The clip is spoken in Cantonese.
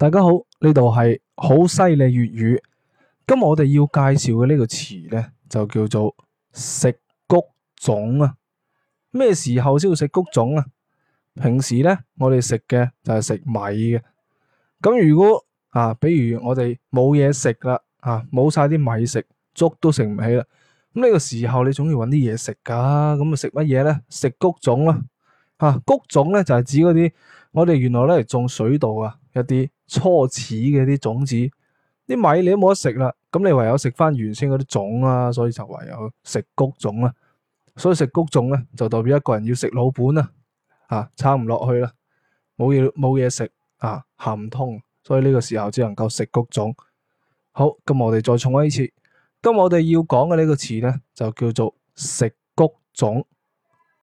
大家好，呢度係好犀利粵語。今日我哋要介紹嘅呢個詞呢，就叫做食谷種啊。咩時候先會食谷種啊？平時呢，我哋食嘅就係食米嘅。咁如果啊，比如我哋冇嘢食啦，啊冇晒啲米食，粥都食唔起啦。咁呢個時候，你總要揾啲嘢食噶。咁啊，食乜嘢呢？食谷種啦。吓，谷種呢，就係指嗰啲我哋原來呢嚟種水稻啊一啲。初始嘅啲種子，啲米你都冇得食啦，咁你唯有食翻原先嗰啲種啦，啊，所以就唯有食穀種啦，啊。所以食穀種咧就代表一個人要食老本啦，啊，啊撐唔落去啦，冇嘢冇嘢食啊行唔通，所以呢個時候只能夠食穀種。好，咁我哋再重一次，今我哋要講嘅呢個詞咧就叫做食穀種。